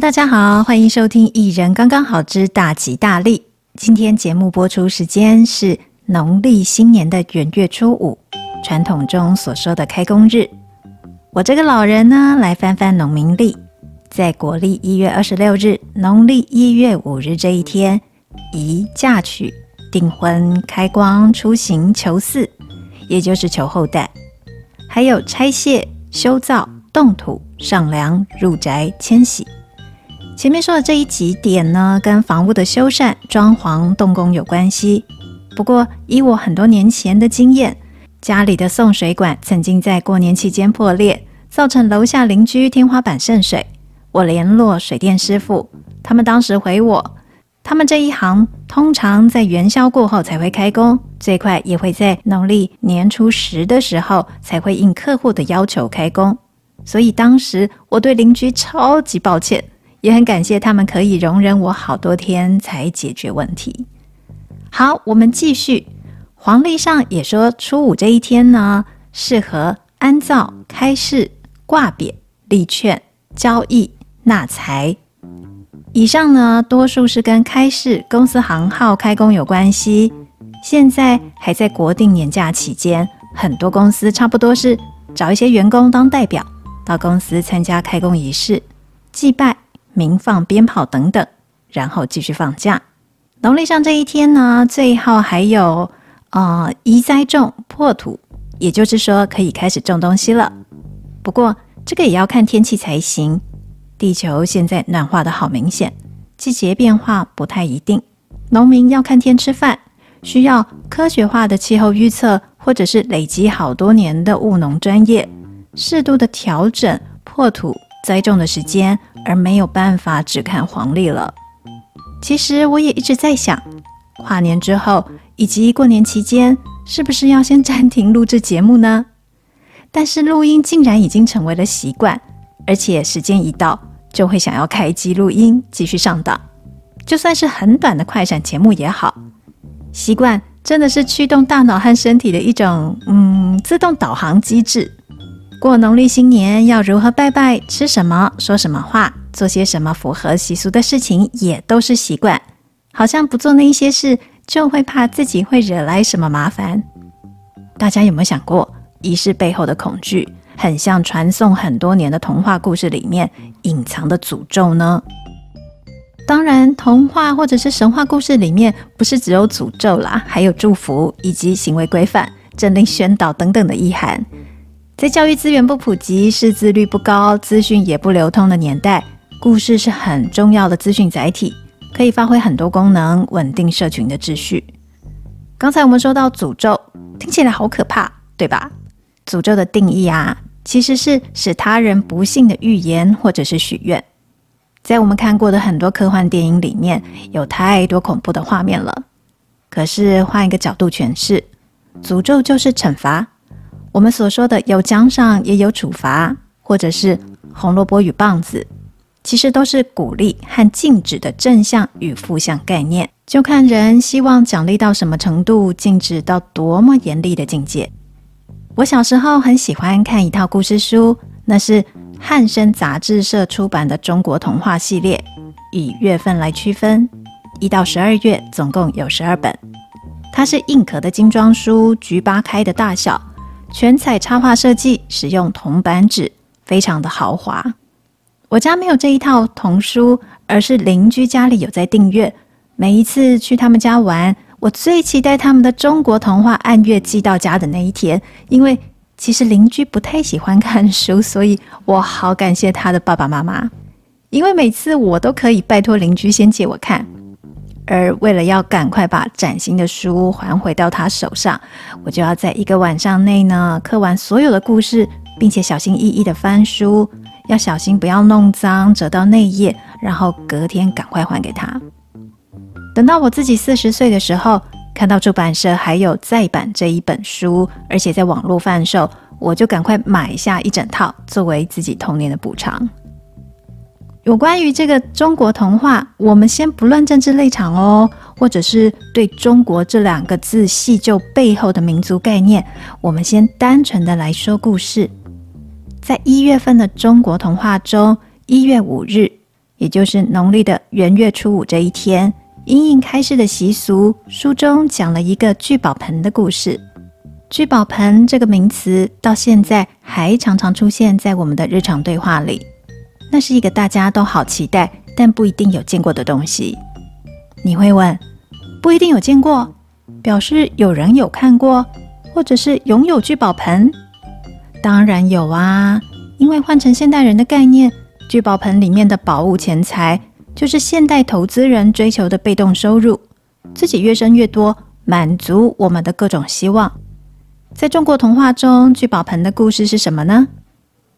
大家好，歡迎收聽《一人剛剛好之大吉大利》。今天節目播出時間是農曆新年的元月初五，傳統中所說的開工日。我這個老人呢，來翻翻農民曆，在國曆一月二十六日，農曆一月五日這一天，宜嫁娶、訂婚、開光、出行、求嗣，也就是求後代；還有拆卸、修造、動土、上梁、入宅、遷徙。前面說的這一幾點呢，跟房屋的修繕、裝潢、動工有關係。不過，以我很多年前的經驗，家裡的送水管曾經在過年期間破裂，造成樓下鄰居天花板滲水。我聯絡水電師傅，他們當時回我，他們這一行通常在元宵過後才會開工，最快也會在農曆年初十的時候才會應客戶的要求開工。所以當時我對鄰居超級抱歉。也很感謝他們可以容忍我好多天才解決問題。好，我們繼續。黃曆上也說，初五這一天呢，適合安灶、開市、掛匾、立券、交易、納財。以上呢，多數是跟開市、公司行號開工有關係。現在還在國定年假期間，很多公司差不多是找一些員工當代表，到公司參加開工儀式、祭拜，鳴放鞭炮等等，然後繼續放假。農曆上這一天呢，最後還有呃、移栽種破土，也就是說可以開始種東西了。不過這個也要看天氣才行。地球現在暖化的好明顯，季節變化不太一定。農民要看天吃飯，需要科學化的氣候預測，或者是累積好多年的務農專業，適度的調整破土栽種的時間。而沒有辦法只看黃曆了。其實我也一直在想，跨年之後以及過年期間，是不是要先暫停錄制節目呢？但是錄音竟然已經成為了習慣，而且時間一到就會想要開機錄音繼續上檔，就算是很短的快閃節目也好。習慣真的是驅動大腦和身體的一種嗯自動導航機制。過農曆新年要如何拜拜、吃什麼、說什麼話、做些什麼符合習俗的事情，也都是習慣。好像不做那些事，就會怕自己會惹來什麼麻煩。大家有沒有想過，儀式背後的恐懼，很像傳頌很多年的童話故事裡面隱藏的詛咒呢？當然，童話或者是神話故事裡面，不是只有詛咒啦，還有祝福以及行為規範、政令宣導等等的意涵。在教育資源不普及、識字率不高、資訊也不流通的年代，故事是很重要的資訊載體，可以發揮很多功能，穩定社群的秩序。剛才我們說到詛咒，聽起來好可怕，對吧？詛咒的定義啊，其實是使他人不幸的預言或者是許願。在我們看過的很多科幻電影裡面，有太多恐怖的畫面了。可是換一個角度詮釋，詛咒就是懲罰。我們所說的有獎賞也有處罰，或者是紅蘿蔔與棒子，其實都是鼓勵和禁止的正向與負向概念，就看人希望獎勵到什麼程度，禁止到多麼嚴厲的境界。我小時候很喜歡看一套故事書，那是漢聲雜誌社出版的中國童話系列，以月份來區分，一到十二月總共有十二本。它是硬殼的精裝書，菊八開的大小。全彩插畫設計，使用銅版紙，非常的豪華。我家沒有這一套童書，而是鄰居家裡有在訂閱。每一次去他們家玩，我最期待他們的中國童話按月寄到家的那一天，因為其實鄰居不太喜歡看書，所以我好感謝他的爸爸媽媽，因為每次我都可以拜托鄰居先借我看。而為了要趕快把嶄新的書還回到他手上，我就要在一個晚上內呢刻完所有的故事，並且小心翼翼的翻書，要小心不要弄髒，折到內頁，然後隔天趕快還給他。等到我自己四十歲的時候，看到出版社還有再版這一本書，而且在網絡販售，我就趕快買下一整套，作為自己童年的補償。有關於這個中國童話，我們先不論政治立場哦，或者是對中國這兩個字細究背後的民族概念，我們先單純的來說故事。在一月份的中國童話中，一月五日，也就是農曆的元月初五這一天，因應開市的習俗，書中講了一個聚寶盆的故事。聚寶盆這個名詞到現在還常常出現在我們的日常對話裡。那是一個大家都好期待，但不一定有見過的東西。你會問，不一定有見過，表示有人有看過，或者是擁有聚寶盆。當然有啊，因為換成現代人的概念，聚寶盆裡面的寶物錢財，就是現代投資人追求的被動收入，自己越生越多，滿足我們的各種希望。在中國童話中，聚寶盆的故事是什麼呢？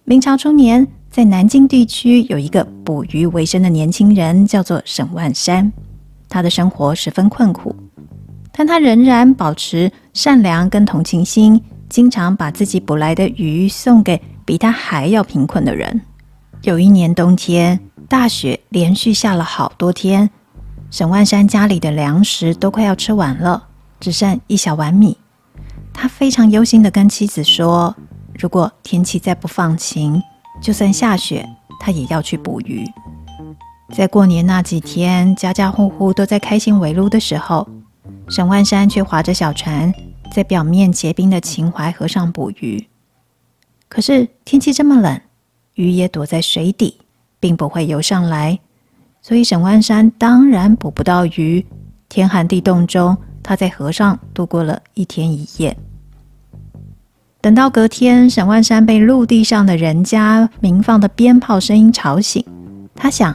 明朝初年，在南京地區有一個捕魚為生的年輕人，叫做沈萬山。他的生活十分困苦，但他仍然保持善良跟同情心，經常把自己捕來的魚送給比他還要貧困的人。有一年冬天，大雪連續下了好多天，沈萬山家裡的糧食都快要吃完了，只剩一小碗米。他非常憂心地跟妻子說：“如果天氣再不放晴，”就算下雪，他也要去捕魚。在過年那幾天，家家戶戶都在開心圍爐的時候，沈萬山卻划着小船在表面結冰的秦淮河上捕魚。可是天氣這麼冷，魚也躲在水底，並不會游上來，所以沈萬山當然捕不到魚。天寒地凍中，他在河上度過了一天一夜。等到隔天，沈萬山被陸地上的人家鳴放的鞭炮聲音吵醒。他想，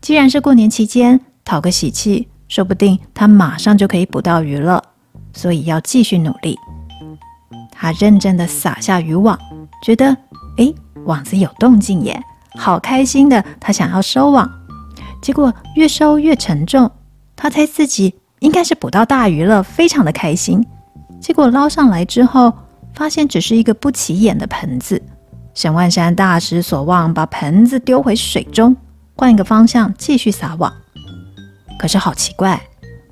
既然是過年期間，討個喜氣，說不定他馬上就可以捕到魚了，所以要繼續努力。他認真地撒下漁網，覺得，誒，網子有動靜耶，好開心的。他想要收網，結果越收越沉重。他猜自己應該是捕到大魚了，非常的開心。結果撈上來之後。發現只是一個不起眼的盆子，沈萬山大失所望，把盆子丟回水中，換一個方向繼續撒網。可是好奇怪，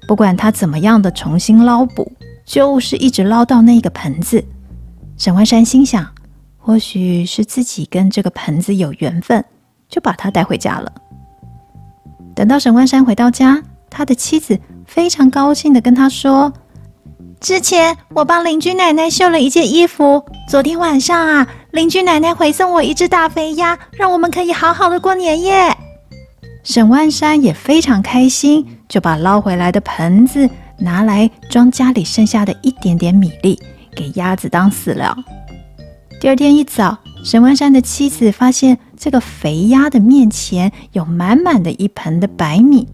不管他怎麼樣的重新撈捕，就是一直撈到那個盆子。沈萬山心想，或許是自己跟這個盆子有緣分，就把它帶回家了。等到沈萬山回到家，他的妻子非常高興地跟他說。之前我幫鄰居奶奶繡了一件衣服。昨天晚上啊，鄰居奶奶回送我一隻大肥鴨，讓我們可以好好的過年夜。沈萬山也非常開心，就把撈回來的盆子拿來裝家裡剩下的一點點米粒，給鴨子當飼料。第二天一早，沈萬山的妻子發現這個肥鴨的面前有滿滿的一盆的白米，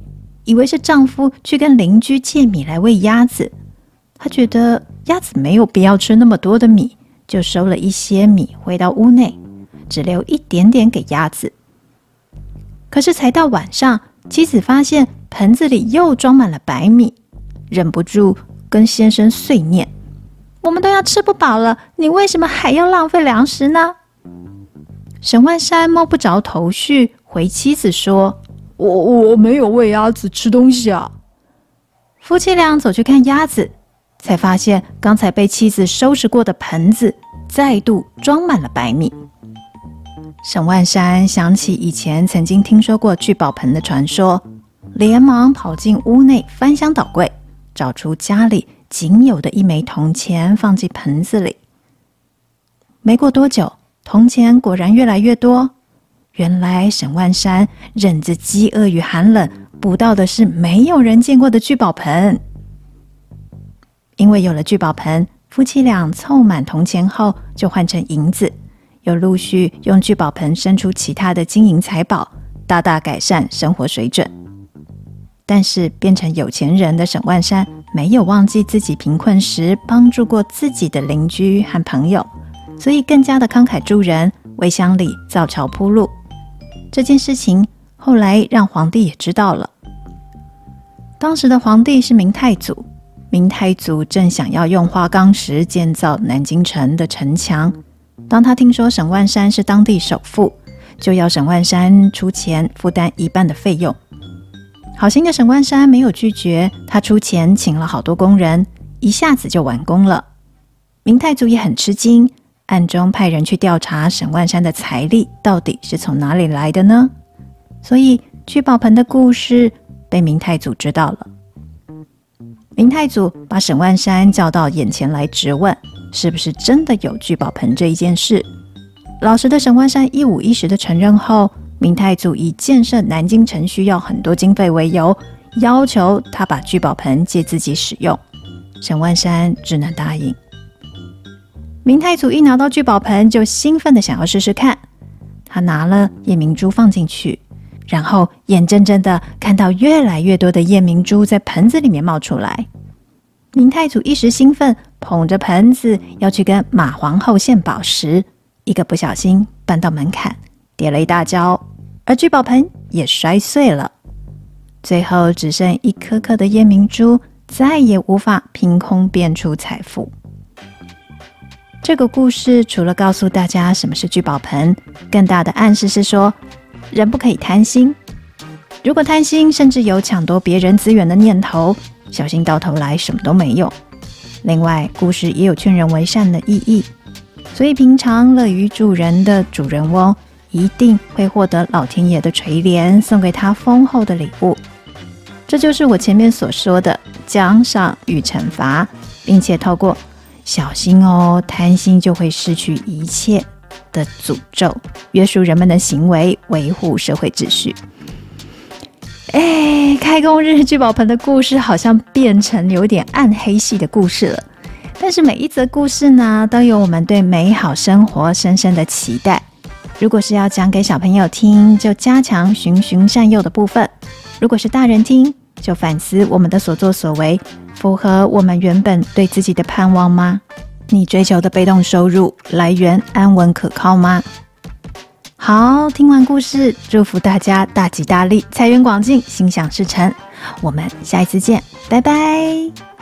以為是丈夫去跟鄰居借米來餵鴨子。他覺得鴨子沒有必要吃那麼多的米，就收了一些米回到屋內，只留一點點給鴨子。可是才到晚上，妻子發現盆子裡又裝滿了白米，忍不住跟先生碎念：“我們都要吃不飽了，你為什麼還要浪費糧食呢？”沈萬山摸不着頭緒，回妻子說：“我我沒有餵鴨子吃東西啊。”夫妻倆走去看鴨子。才發現剛才被妻子收拾過的盆子再度裝滿了白米。沈萬山想起以前曾經聽說過聚寶盆的傳說，連忙跑進屋內翻箱倒櫃，找出家裡僅有的一枚銅錢放進盆子裡。沒過多久，銅錢果然越來越多。原來沈萬山忍着飢餓與寒冷，捕到的是沒有人見過的聚寶盆。因為有了聚寶盆，夫妻倆湊滿銅錢後就換成銀子，又陸續用聚寶盆生出其他的金銀財寶，大大改善生活水準。但是變成有錢人的沈萬三沒有忘記自己貧困時幫助過自己的鄰居和朋友，所以更加的慷慨助人，為鄉里造橋鋪路。這件事情後來讓皇帝也知道了，當時的皇帝是明太祖。明太祖正想要用花崗石建造南京城的城牆，當他聽說沈萬山是當地首富，就要沈萬山出錢負擔一半的費用。好心的沈萬山沒有拒絕，他出錢請了好多工人，一下子就完工了。明太祖也很吃驚，暗中派人去調查沈萬山的財力到底是從哪裡來的呢？所以聚寶盆的故事被明太祖知道了。明太祖把沈萬山叫到眼前來質問：“是不是真的有聚寶盆這一件事？”老實的沈萬山一五一十的承認後，明太祖以建設南京城需要很多經費為由，要求他把聚寶盆借自己使用。沈萬山只能答應。明太祖一拿到聚寶盆，就興奮的想要試試看。他拿了夜明珠放進去。然後眼睜睜的看到越來越多的夜明珠在盆子裡面冒出來，明太祖一時興奮，捧着盆子要去跟馬皇后獻寶石，一個不小心絆到門檻，跌了一大跤，而聚寶盆也摔碎了，最後只剩一顆顆的夜明珠，再也無法憑空變出財富。這個故事除了告訴大家什麼是聚寶盆，更大的暗示是說。人不可以貪心，如果貪心，甚至有搶奪別人資源的念頭，小心到頭來什麼都沒有。另外，故事也有勸人為善的意義，所以平常樂於助人的主人翁，一定會獲得老天爺的垂憐，送給他豐厚的禮物。這就是我前面所說的獎賞與懲罰，並且透過小心哦，貪心就會失去一切的詛咒約束人們的行為，維護社會秩序。哎，開工日聚寶盆的故事好像變成有點暗黑系的故事了。但是每一則故事呢，都有我們對美好生活深深的期待。如果是要講給小朋友聽，就加強循循善誘的部分；如果是大人聽，就反思我們的所作所為，符合我們原本對自己的盼望嗎？你追求的被動收入來源安穩可靠嗎？好，聽完故事，祝福大家大吉大利，財源廣進，心想事成。我們下一次見，拜拜。